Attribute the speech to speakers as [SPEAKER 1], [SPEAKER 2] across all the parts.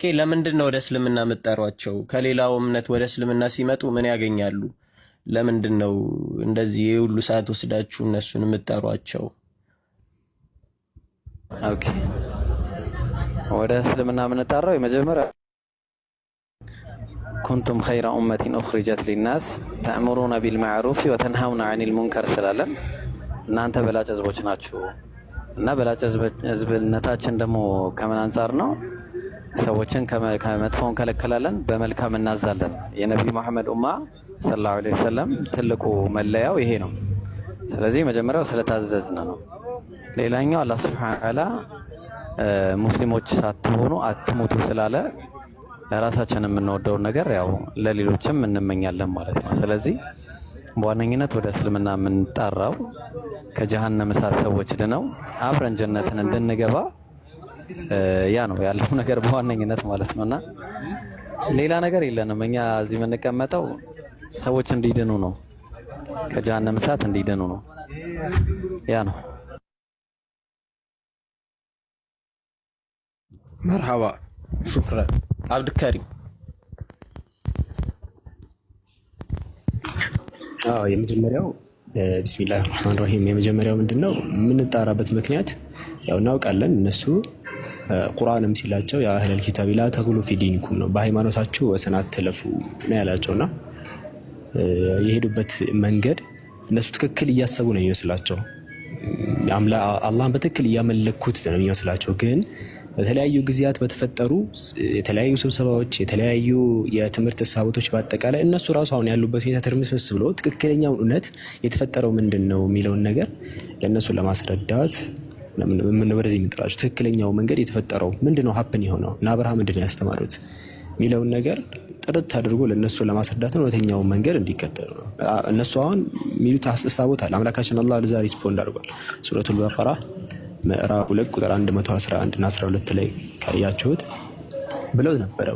[SPEAKER 1] ኦኬ፣ ለምንድን ነው ወደ እስልምና የምጠሯቸው? ከሌላው እምነት ወደ እስልምና ሲመጡ ምን ያገኛሉ? ለምንድን ነው እንደዚህ የሁሉ ሰዓት ወስዳችሁ እነሱን የምጠሯቸው? ኦኬ፣ ወደ እስልምና የምንጠራው የመጀመሪያ ኩንቱም ኸይረ ኡመቲን ኡኽሪጀት ሊናስ ተእምሩነ ቢልማዕሩፍ ወተንሃውነ አኒል ሙንከር ስላለን እናንተ በላጭ ህዝቦች ናችሁ እና በላጭ ህዝብነታችን ደግሞ ከምን አንጻር ነው ሰዎችን ከመጥፎ እንከለከላለን፣ በመልካም እናዛለን። የነቢዩ መሐመድ ኡማ ሰለላሁ ዐለይሂ ወሰለም ትልቁ መለያው ይሄ ነው። ስለዚህ መጀመሪያው ስለታዘዝን ነው። ሌላኛው አላህ ሱብሓነሁ ወተዓላ ሙስሊሞች ሳትሆኑ አትሙቱ ስላለ ለራሳችን የምንወደውን ነገር ያው ለሌሎችም እንመኛለን ማለት ነው። ስለዚህ በዋነኝነት ወደ እስልምና የምንጠራው ከጀሃነም እሳት ሰዎች ድነው አብረን ጀነትን እንድንገባ ያ ነው ያለው ነገር በዋነኝነት ማለት ነው። እና ሌላ ነገር የለንም እኛ እዚህ የምንቀመጠው ሰዎች እንዲድኑ ነው፣ ከጀሃነም እሳት እንዲድኑ ነው። ያ ነው።
[SPEAKER 2] መርሃባ ሹክራን አብድካሪም አዎ የመጀመሪያው ቢስሚላህ ራህማን ራሂም የመጀመሪያው ምንድን ነው የምንጣራበት ምክንያት ያው እናውቃለን እነሱ ቁርአንም ሲላቸው ያ አህለል ኪታቢ ላ ተግሉ ፊ ዲኒኩም ነው፣ በሃይማኖታችሁ ወሰን አትለፉ ነው ያላቸው እና የሄዱበት መንገድ እነሱ ትክክል እያሰቡ ነው የሚመስላቸው። አላህን በትክክል እያመለኩት ነው የሚመስላቸው። ግን በተለያዩ ጊዜያት በተፈጠሩ የተለያዩ ስብሰባዎች፣ የተለያዩ የትምህርት ሳቦቶች በአጠቃላይ እነሱ ራሱ አሁን ያሉበት ሁኔታ ትርምስምስ ብሎ ትክክለኛውን እውነት የተፈጠረው ምንድን ነው የሚለውን ነገር ለእነሱ ለማስረዳት ወደዚህ የምንጥላቸው ትክክለኛው መንገድ የተፈጠረው ምንድን ነው ሀፕን የሆነው እና አብርሃም ምንድን ነው ያስተማሩት የሚለውን ነገር ጥርት አድርጎ ለእነሱ ለማስረዳት ነው እውነተኛውን መንገድ እንዲከተሉ ነው። እነሱ አሁን የሚሉት አስተሳቦታል። አምላካችን አላህ ለዛ ሪስፖንድ አድርጓል። ሱረቱል በቀራ ምዕራፍ ሁለት ቁጥር 111 እና 12 ላይ ካያችሁት ብለው ነበረ።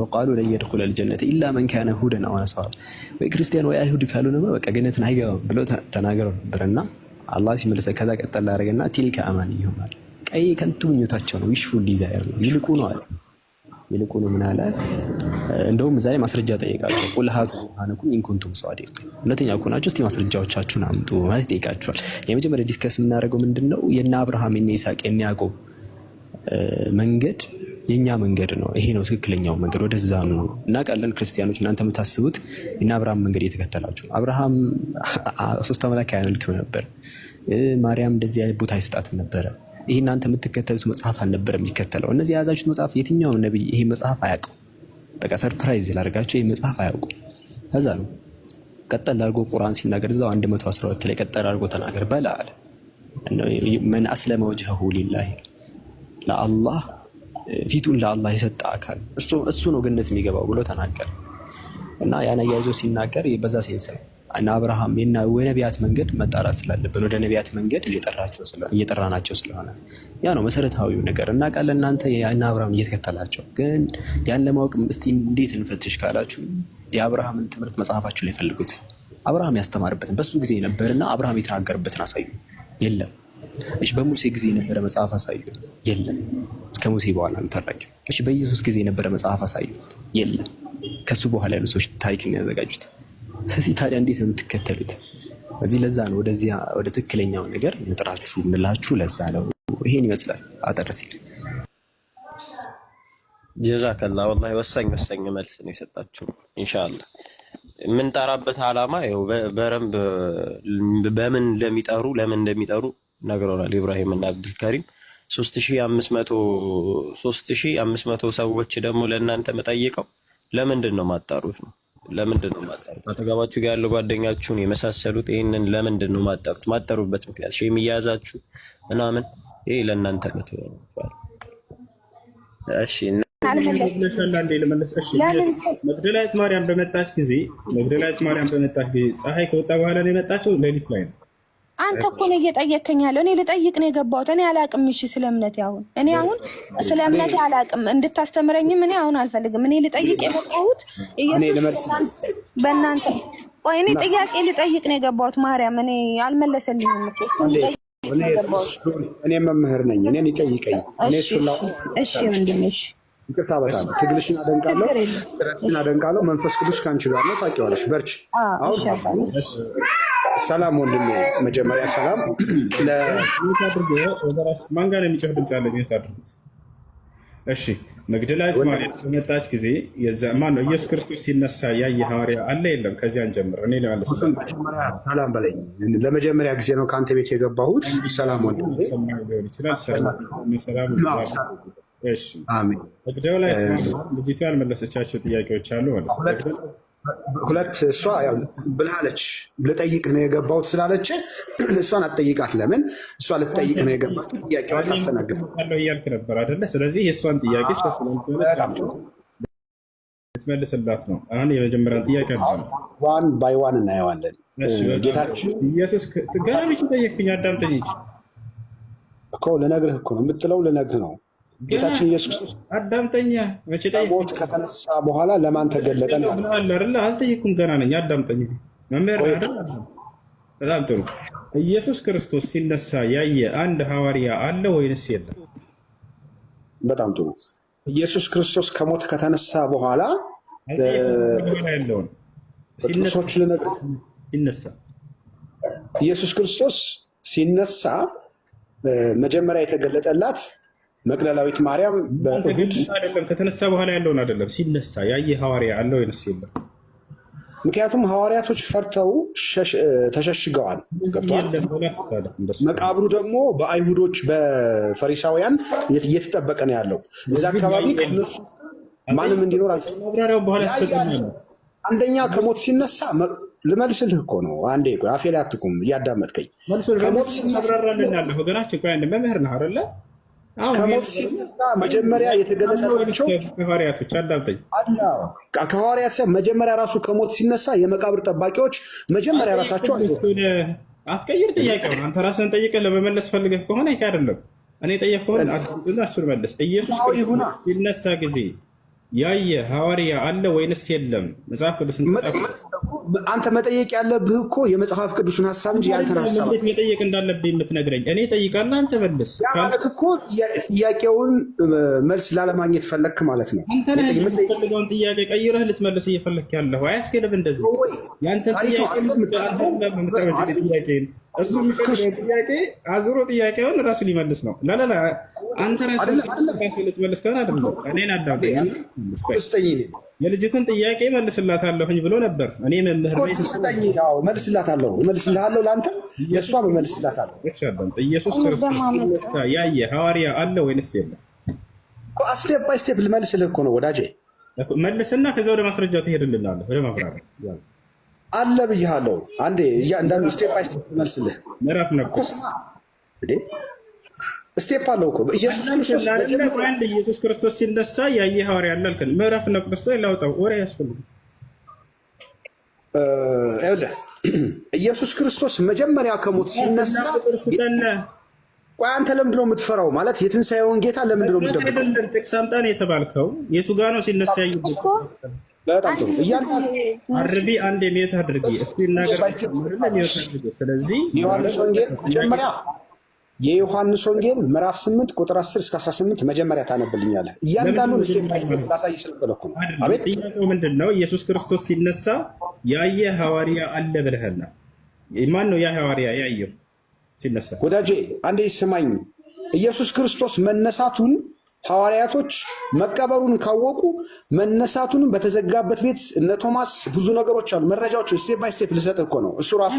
[SPEAKER 2] በቃሉ ለን የድኹለ ልጀነት ኢላ መን ካነ ሁደን አው ነሳራ፣ ወይ ክርስቲያን ወይ አይሁድ ካሉ ካልሆነማ በቃ ገነትን አይገባም ብለው ተናገረው ነበረና አላህ ሲመልሰ ከዛ ቀጠል ላደረገና ቲልከ አማን ይሆናል። ቀይ ከንቱ ምኞታቸው ነው፣ ዊሽፉል ዲዛየር ነው። ይልቁ ነው አለ ይልቁ ነው ምን አለ? እንደውም እዛ ላይ ማስረጃ ጠይቃቸው፣ ቁል ሃቱ ቡርሃነኩም ኢን ኩንቱም ሁለተኛ ኮናችሁ እስቲ ማስረጃዎቻችሁን አምጡ ማለት ይጠይቃችኋል። የመጀመሪያ ዲስከስ የምናደርገው ምንድን ነው የእነ አብርሃም የነ ይስሐቅ የነ ያዕቆብ መንገድ የእኛ መንገድ ነው። ይሄ ነው ትክክለኛው መንገድ፣ ወደዛ ነው እናውቃለን። ክርስቲያኖች እናንተ የምታስቡት እና አብርሃም መንገድ የተከተላችሁ አብርሃም ሶስት አምላክ አያመልክም ነበር። ማርያም እንደዚህ ቦታ አይሰጣትም ነበረ። ይህ እናንተ የምትከተሉት መጽሐፍ አልነበረ የሚከተለው። እነዚህ የያዛችሁት መጽሐፍ የትኛው ነቢይ ይሄ መጽሐፍ አያውቅም። በቃ ሰርፕራይዝ ላደርጋቸው፣ ይህ መጽሐፍ አያውቁም። ከዛ ነው ቀጠል አድርጎ ቁርአን ሲናገር እዛው 112 ላይ ቀጠል አድርጎ ተናገር በላ አለ መን አስለመ ወጅሀሁ ሊላህ ለአላህ ፊቱን ለአላህ የሰጠ አካል እሱ ነው ገነት የሚገባው ብሎ ተናገረ እና ያን አያይዞ ሲናገር በዛ ሴንስ ነው እና አብርሃም ወነቢያት መንገድ መጣራት ስላለብን ወደ ነቢያት መንገድ እየጠራናቸው ስለሆነ ያ ነው መሰረታዊው ነገር እና ቃል እናንተ ና አብርሃም እየተከተላቸው ግን ያን ለማወቅ እስቲ እንዴት እንፈትሽ ካላችሁ የአብርሃምን ትምህርት መጽሐፋችሁ ላይ ፈልጉት። አብርሃም ያስተማርበትን በሱ ጊዜ ነበርና አብርሃም የተናገርበትን አሳዩ የለም እሺ በሙሴ ጊዜ የነበረ መጽሐፍ አሳዩ። የለም። ከሙሴ በኋላ ነው ተራኪው። እሺ በኢየሱስ ጊዜ የነበረ መጽሐፍ አሳዩ። የለም። ከሱ በኋላ ያሉ ሰዎች ታሪክ ነው ያዘጋጁት። ስለዚህ ታዲያ እንዴት ነው የምትከተሉት? እዚህ ለዛ ነው ወደዚያ ወደ ትክክለኛው ነገር ንጥራችሁ እንላችሁ። ለዛ ነው ይሄን ይመስላል አጠር ሲል
[SPEAKER 1] ጀዛከላ ወላሂ ወሳኝ ወሳኝ መልስ ነው የሰጣችሁ። ኢንሻአላህ የምንጠራበት አላማ ይኸው በረምብ በምን እንደሚጠሩ ለምን እንደሚጠሩ ነግረውናል። ኢብራሂም እና አብዱልካሪም 3500 ሰዎች ደግሞ ለእናንተ መጠይቀው ለምንድን ነው ማጣሩት ነው ለምንድን ነው ማጣሩት? አጠገባችሁ ጋር ያለው ጓደኛችሁን የመሳሰሉት ይህንን ለምንድን ነው ማጣሩት? ማጠሩበት ምክንያት ሺህ የሚያዛችሁ ምናምን ይሄ ለእናንተ ነው። እሺ መግደላዊት ማርያም በመጣች ጊዜ መግደላዊት ማርያም በመጣች ጊዜ ፀሐይ ከወጣ በኋላ ነው የመጣችው ሌሊት ላይ ነው
[SPEAKER 3] አንተ እኮ ነው እየጠየከኝ ያለው። እኔ ልጠይቅ ነው የገባሁት። እኔ አላቅም። እሺ ስለ እምነቴ አሁን እኔ አሁን ስለ እምነቴ አላቅም። እንድታስተምረኝም እኔ አሁን አልፈልግም። እኔ ልጠይቅ የመጣሁት በእናንተ ወይ እኔ ጥያቄ ልጠይቅ ነው የገባሁት። ማርያም እኔ አልመለሰልኝም እኮ
[SPEAKER 1] እኔ መምህር ነኝ። እኔን ይጠይቀኝ።
[SPEAKER 3] እኔ እሱን ላ እሺ ወንድሜ
[SPEAKER 1] ይቅርታ በጣም ትግልሽን አደንቃለሁ፣ ጥረትሽን አደንቃለሁ። መንፈስ ቅዱስ ከአንቺ ጋር ነው፣ ታውቂዋለሽ። በርች አሁን ሰላም ወንድሜ፣ መጀመሪያ ሰላም።
[SPEAKER 4] ማን ጋር የሚጮህ ድምፅ አለ? ሚዩት አድርጉት። እሺ፣ መግደላዊት ማርያም በመጣች ጊዜ ማን ነው ኢየሱስ ክርስቶስ ሲነሳ ያየ ሐዋርያ አለ? የለም? ከዚያን ጀምር። እኔ ለመለስ
[SPEAKER 1] ሰላም በለኝ። ለመጀመሪያ ጊዜ ነው ከአንተ ቤት የገባሁት። ሰላም ወንድሜ።
[SPEAKER 4] መግደላዊት ልጅቷ ያልመለሰቻቸው ጥያቄዎች አሉ ማለት ነው
[SPEAKER 1] ሁለት እሷ ብልሃለች ልጠይቅህ ነው የገባሁት ስላለች እሷን አትጠይቃት። ለምን እሷ ልትጠይቅ ነው የገባች ጥያቄዋን ታስተናግዳለህ
[SPEAKER 4] እያልክ ነበር አይደለ? ስለዚህ የእሷን ጥያቄ ልትመልስላት ነው። አሁን የመጀመሪያን ጥያቄ
[SPEAKER 1] ዋን ባይ ዋን እናየዋለን። ጌታችን
[SPEAKER 4] ኢየሱስ ገና ብቻ ጠየቅኝ፣ አዳምጠኝ
[SPEAKER 1] እኮ ልነግርህ እኮ ነው የምትለው ልነግርህ ነው ጌታችን ኢየሱስ ክርስቶስ አዳምጠኛ ሞት ከተነሳ በኋላ ለማን ተገለጠ?
[SPEAKER 4] አልጠይኩም ገና ነኝ። አዳምጠኝ መምህር። በጣም ጥሩ። ኢየሱስ ክርስቶስ ሲነሳ ያየ አንድ ሐዋርያ አለ ወይንስ የለም?
[SPEAKER 1] በጣም ጥሩ። ኢየሱስ ክርስቶስ ከሞት ከተነሳ በኋላ
[SPEAKER 4] ያለውን ጥቅሶች ልነግርህ። ሲነሳ
[SPEAKER 1] ኢየሱስ ክርስቶስ ሲነሳ መጀመሪያ የተገለጠላት መቅደላዊት ማርያም
[SPEAKER 4] አይደለም ከተነሳ በኋላ ያለውን አይደለም፣ ሲነሳ ያየ ሐዋርያ አለው ይነስ የለም?
[SPEAKER 1] ምክንያቱም ሐዋርያቶች ፈርተው ተሸሽገዋል፣ መቃብሩ ደግሞ በአይሁዶች በፈሪሳውያን እየተጠበቀ ነው ያለው። እዛ አካባቢ ከነሱ ማንም እንዲኖር አንደኛ ከሞት ሲነሳ ልመልስልህ እኮ ነው። አንዴ አፌ ላይ አትቁም፣ እያዳመጥከኝ
[SPEAKER 4] ከሞት ሲነሳ
[SPEAKER 1] ከሞት ሲነሳ መጀመሪያ የተገለጠላቸው መጀመሪያ ራሱ ከሞት ሲነሳ የመቃብር ጠባቂዎች መጀመሪያ ራሳቸው
[SPEAKER 4] አትቀይር ነው። አንተ ራስን ጠይቀህ ለመመለስ ፈልገህ ከሆነ ይሄ አይደለም። እኔ ከሆነ እሱን መለስ። ኢየሱስ ሲነሳ ጊዜ ያየ ሐዋርያ አለ ወይንስ የለም? መጽሐፍ ቅዱስ
[SPEAKER 1] አንተ መጠየቅ ያለብህ እኮ የመጽሐፍ ቅዱስን ሀሳብ እንጂ
[SPEAKER 4] ያንተን ሀሳብ መጠየቅ እንዳለብህ የምትነግረኝ እኔ ጠይቃና አንተ መልስ።
[SPEAKER 1] ማለት እኮ ጥያቄውን መልስ ላለማግኘት ፈለግክ ማለት ነው።
[SPEAKER 4] አንተ ጥያቄ ቀይረህ ልትመልስ እየፈለግክ ያለሁ። አያስኬድም እንደዚህ ያንተን ጥያቄ እሱ ጥያቄ አዙሮ ጥያቄውን እራሱ ሊመልስ ነው። አንተ ራስህ ልትመልስ ከሆነ አይደለም እኔን አዳምጠኝ። የልጅትን ጥያቄ መልስላታለሁኝ ብሎ ነበር። እኔ መምህር
[SPEAKER 1] መልስላታለሁ፣ መልስልሃለሁ። ለአንተ የእሷ መልስላታለሁ።
[SPEAKER 4] ኢየሱስ ክርስቶስ ያየ ሐዋርያ አለ ወይንስ የለም?
[SPEAKER 1] ስቴፕ ባይ ስቴፕ ልመልስልህ እኮ ነው ወዳጄ።
[SPEAKER 4] መልስና ከዚያ ወደ ማስረጃ ትሄድልናለህ፣ ወደ ማብራሪያ
[SPEAKER 1] አለ ብያለው። አንዴ እያንዳንዱ ስቴፕ ባይ ስቴፕ መልስልህ። ስቴፕ አለው እኮ
[SPEAKER 4] ኢየሱስ ክርስቶስ ሲነሳ ያየ ሐዋርያ አለ አልከን። ምዕራፍና ቁጥር ላይ ላውጣው ወሬ አያስፈልግም።
[SPEAKER 1] ኢየሱስ ክርስቶስ መጀመሪያ ከሞት ሲነሳ ቆይ አንተ ለምንድን ነው የምትፈራው? ማለት የትንሣኤውን ጌታ ለምንድን ነው
[SPEAKER 4] የምትደብቀው? ጥቅስ አምጣ ነው የተባልከው። የቱ ጋ ነው ሲነሳ ያየው? በጣም ጥሩ አርቢ አንድ የሚወት አድርጊ እስኪ
[SPEAKER 1] ስለዚህ ዮሐንስ ወንጌል መጀመሪያ የዮሐንስ ወንጌል ምዕራፍ 8 ቁጥር 10 እስከ 18 መጀመሪያ ታነብልኛላል። እያንዳንዱን ስቴፕ ባይ ስቴፕ ላሳይ ስለፈለኩ
[SPEAKER 4] አቤት ጥያቄው ምንድን ነው? ኢየሱስ ክርስቶስ ሲነሳ ያየ ሐዋርያ አለ ብለህና ማን ነው ያ ሐዋርያ ያየው ሲነሳ?
[SPEAKER 1] ወዳጄ አንዴ ስማኝ። ኢየሱስ ክርስቶስ መነሳቱን ሐዋርያቶች መቀበሩን ካወቁ መነሳቱን በተዘጋበት ቤት እነ ቶማስ ብዙ ነገሮች አሉ። መረጃዎች ስቴፕ ባይ ስቴፕ ልሰጥ እኮ ነው።
[SPEAKER 4] እሱ ራሱ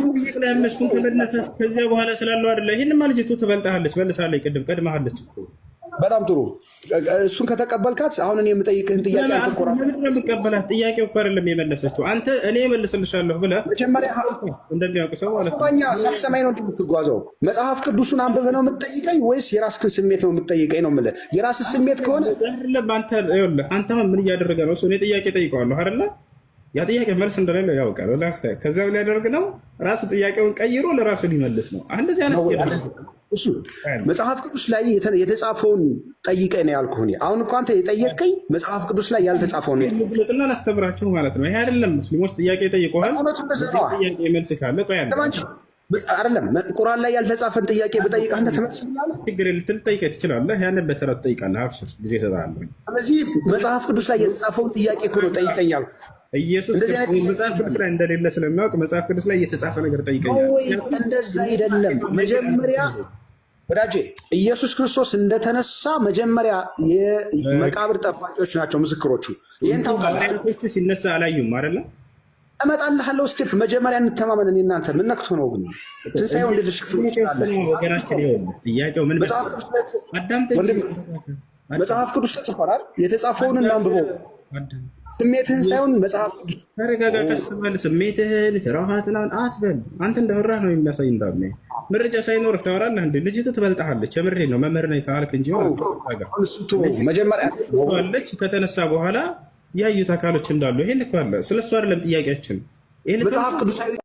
[SPEAKER 4] ከዚያ በኋላ ስላለው አይደለ። ይህንማ ልጅቱ ትበልጣለች፣ መልሳለች። ቅድም ቀድማለች እኮ
[SPEAKER 1] በጣም ጥሩ። እሱን ከተቀበልካት አሁን እኔ የምጠይቅህን ጥያቄ
[SPEAKER 4] አንተቆራቀበላት ጥያቄ እኮ አይደለም የመለሰችው። አንተ እኔ መልስልሻለሁ ብለህ መጀመሪያ እንደሚያውቅ ሰው
[SPEAKER 1] ሳትሰማኝ ነው የምትጓዘው። መጽሐፍ ቅዱሱን አንብበህ ነው የምትጠይቀኝ ወይስ የራስህን ስሜት ነው የምትጠይቀኝ? ነው የምልህ። የራስህ ስሜት ከሆነ
[SPEAKER 4] አንተ ምን እያደረገ ነው? እኔ ጥያቄ ጠይቀዋለሁ አይደለ ያ ጥያቄ መልስ እንደሌለው ያውቃል። ከዚያ ሊያደርግ ነው ራሱ ጥያቄውን ቀይሮ ለራሱ ሊመልስ ነው። እንደዚህ
[SPEAKER 1] እሱ መጽሐፍ ቅዱስ ላይ የተጻፈውን ጠይቀ ነው ያልኩህ። አሁን እኮ አንተ የጠየቀኝ መጽሐፍ ቅዱስ ላይ ያልተጻፈውን
[SPEAKER 4] ልጥና ላስተምራችሁ ማለት ነው። ይሄ አይደለም። ሙስሊሞች ጥያቄ ጠይቀዋል። መልስ ካለ
[SPEAKER 1] አይደለም ቁርአን ላይ ያልተጻፈን ጥያቄ ብጠይቅ አንተ ትመልስልኛለህ?
[SPEAKER 4] ችግር ልትል ጠይቀህ ትችላለህ። ያንን በተረት ትጠይቃለህ። አብሽር ጊዜ
[SPEAKER 1] እሰጥሃለሁ። ስለዚህ መጽሐፍ ቅዱስ ላይ የተጻፈውን ጥያቄ እኮ ነው ጠይቀኝ
[SPEAKER 4] ኢየሱስ መጽሐፍ ቅዱስ ላይ እንደሌለ ስለሚያውቅ መጽሐፍ ቅዱስ ላይ የተጻፈ ነገር ጠይቀኝ።
[SPEAKER 1] እንደዛ አይደለም። መጀመሪያ ወዳጄ ኢየሱስ ክርስቶስ እንደተነሳ መጀመሪያ የመቃብር ጠባቂዎች ናቸው ምስክሮቹ።
[SPEAKER 4] ይህን ታውቃለህ። ሲነሳ አላዩም አይደለም
[SPEAKER 1] እመጣልሃለሁ። ስቴፕ መጀመሪያ እንተማመን። እኔ እናንተ ምን ነክቶ ነው ግን ትንሳኤ ወንድ መጽሐፍ ቅዱስ ተጽፏል። የተጻፈውን እናንብበው፣ ስሜትህን ሳይሆን መጽሐፍ ቅዱስ።
[SPEAKER 4] ተረጋጋ፣ ቀስ በል። ስሜትህን ፍርሃትን አትበል። አንተ እንደፈራህ ነው የሚያሳይ። እንዳ መረጃ ሳይኖርህ ታወራለህ። እንደ ልጅቱ ትበልጥሃለች። የምሬ ነው። መምህር ነኝ ካልክ እንጂ መጀመሪያ ከተነሳ በኋላ ያዩት አካሎች እንዳሉ ይሄን ልክ አለ። ስለሱ አይደለም ጥያቄያችን መጽሐፍ ቅዱስ